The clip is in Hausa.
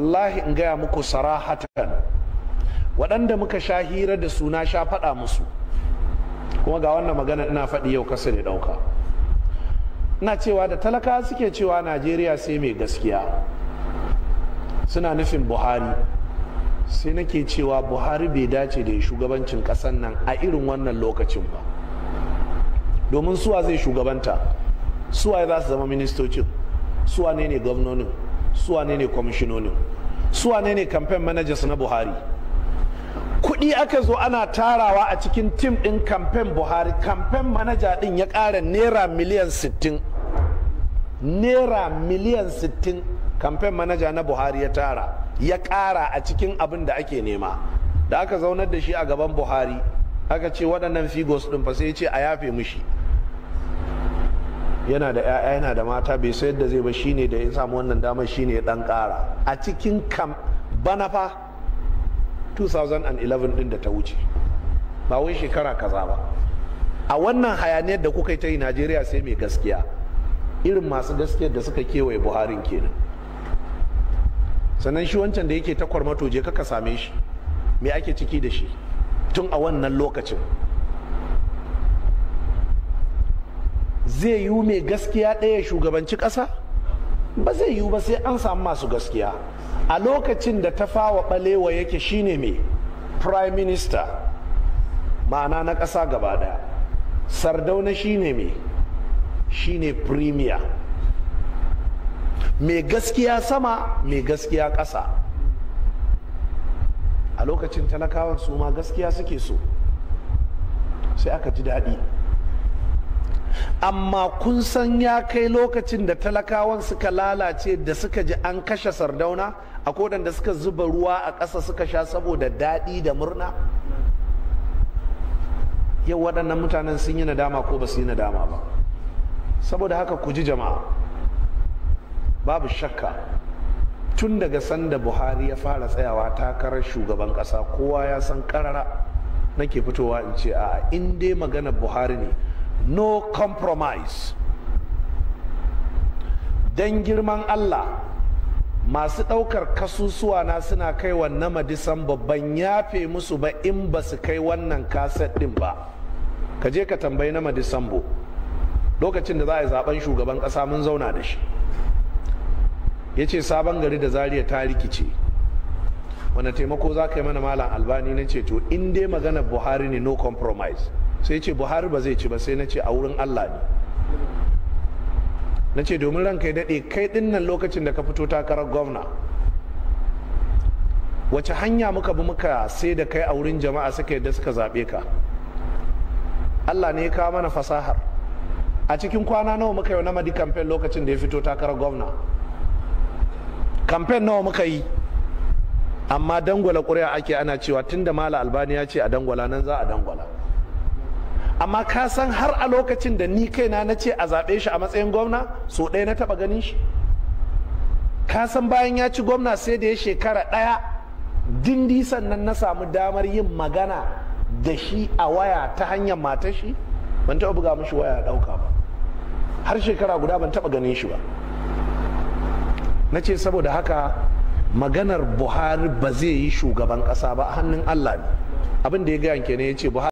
wallahi in gaya muku sarahatan waɗanda muka sha hira da suna sha faɗa musu kuma ga wannan magana ina faɗi yau kasa ne ɗauka ina cewa da talaka suke cewa najeriya sai mai gaskiya suna nufin buhari sai nake cewa buhari bai dace da shugabancin ƙasar nan a irin wannan lokacin ba domin suwa zai shugabanta suwa za su zama ministocin suwa ne ne gwamnonin suwane ne kwamishinonin suwane ne campaign managers na buhari kuɗi aka zo ana tarawa a cikin tim ɗin kamfen buhari kamfen manaja ɗin ya ƙara naira miliyan 60 naira miliyan 60 kamfen manaja na buhari ya tara ya ƙara a cikin abin da ake nema da aka zaunar da shi a gaban buhari aka ce waɗannan figos ɗin fa sai ya ce a yafe mushi yana da 'ya'ya yana da mata bai sayar da zai ba shine da ya samu wannan damar shine ya dan kara a cikin kam bana fa 2011 din da ta wuce ba wai shekara kaza ba a wannan hayaniyar da kuka yi ta yi najeriya sai mai gaskiya irin masu gaskiyar da suka kewaye buharin kenan sannan shi wancan da yake takwar matoje je kaka same shi me ake ciki da shi tun a wannan lokacin zai yiwu mai gaskiya ɗaya shugabanci ƙasa ba zai yiwu ba sai an samu masu gaskiya a lokacin da ta fawa ɓalewa yake shine mai prime minister ma'ana na ƙasa gaba ɗaya sardauna shine mai shine premier mai gaskiya sama mai gaskiya ƙasa a lokacin talakawan su ma gaskiya suke so sai aka ji daɗi amma kun san ya kai lokacin da talakawan suka lalace da suka ji an kashe sardauna a kodan da suka zuba ruwa a ƙasa suka sha saboda daɗi da murna yau waɗannan mutanen sun yi nadama ko ba su yi nadama ba saboda haka ku ji jama'a babu shakka tun daga sanda buhari ya fara tsayawa takarar shugaban ƙasa kowa ya san karara nake fitowa in ce a in dai magana buhari ne no compromise don girman allah masu ɗaukar kasusuwa na suna kai wa madisan babban yafe musu ba in ba su kai wannan kaset ɗin ba ka je ka tambayi nama bo lokacin da za a yi zaben shugaban ƙasa mun zauna da shi ya ce sabon gari da zariya ta rikice wani taimako za ka yi mana malam albani na ce to in dai maganar buhari ne no compromise sai ce buhari ba zai ci ba sai na ce a wurin allah ne na ce domin ranka ya daɗe kai ɗin nan lokacin da ka fito takarar gwamna wace hanya muka bi muka sai da kai a wurin jama'a suka yadda suka zaɓe ka allah ne ya kawo mana fasahar a cikin kwana nawa muka yi na madi kamfen lokacin da ya fito takarar gwamna kamfen nawa muka yi amma dangwala ƙuri'a ake ana cewa tun da mala albani ya ce a dangwala nan za a dangwala amma ka san har a lokacin da ni kaina na ce a zaɓe shi a matsayin gwamna so ɗaya na taɓa ganin shi ka san bayan ya ci gwamna sai da ya shekara ɗaya dindi sannan na samu damar yin magana da shi a waya ta hanyar matar shi ban taɓa buga mashi waya ɗauka ba har shekara guda ban taɓa ganin shi ba na ce saboda haka maganar buhari ba zai yi shugaban ƙasa ba a hannun allah ne abin da ya gaya ke ne ya ce buhari